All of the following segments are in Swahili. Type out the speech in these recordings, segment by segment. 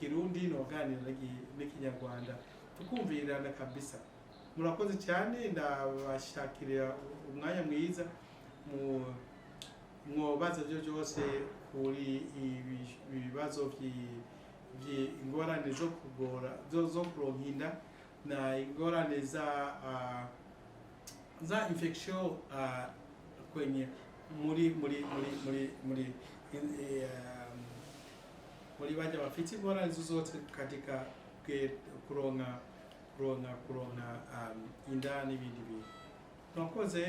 kirundi noganira n'ikinyarwanda tukumvirana kabisa murakoze cyane ndabashakirira umwanya mwiza mwobaza byo byose kuri ibibazo ingorane zo kugora zo zo inda na ingorane za za infection kwenye muri muri muri muri muri eh, muli muri bajya bafite ingorane zote katika kuronka kuronka kuronka um, inda n'ibindi bintu murakoze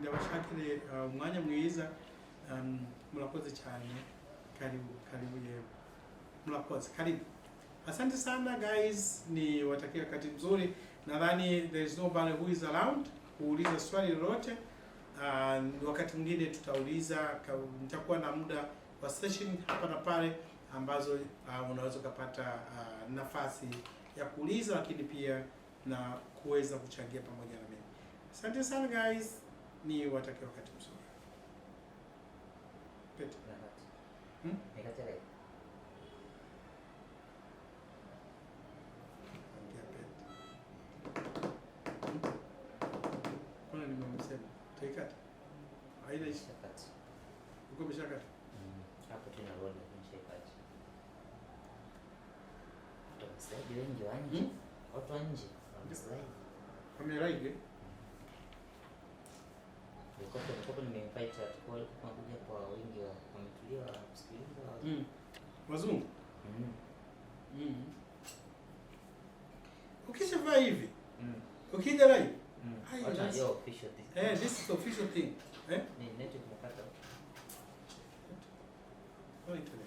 ndabashakire umwanya uh, mwiza murakoze um, cyane karibu karibu yewe murakoze karibu asante sana guys ni watakia wakati mzuri nadhani there is nobody who is around kuuliza swali lolote uh, wakati mwingine tutauliza nitakuwa na muda wa session hapa na pale ambazo uh, unaweza ukapata uh, nafasi ya kuuliza, lakini pia na kuweza kuchangia pamoja na mimi. Asante sana guys, ni watakie wakati mzuri hmm? nimemsema. Tuikata. Haina ishakata. Uko bishakata. Mm hapo tena uone mshikaji wamaswaidi wengi wa nje, watu wa nje wamaswaidi wameraige likopo nimeinvite tukuja kwa wingi wametulia wakusikiliza wazungu. Ukishavaa hivi ukija live, this is official thing eh Let me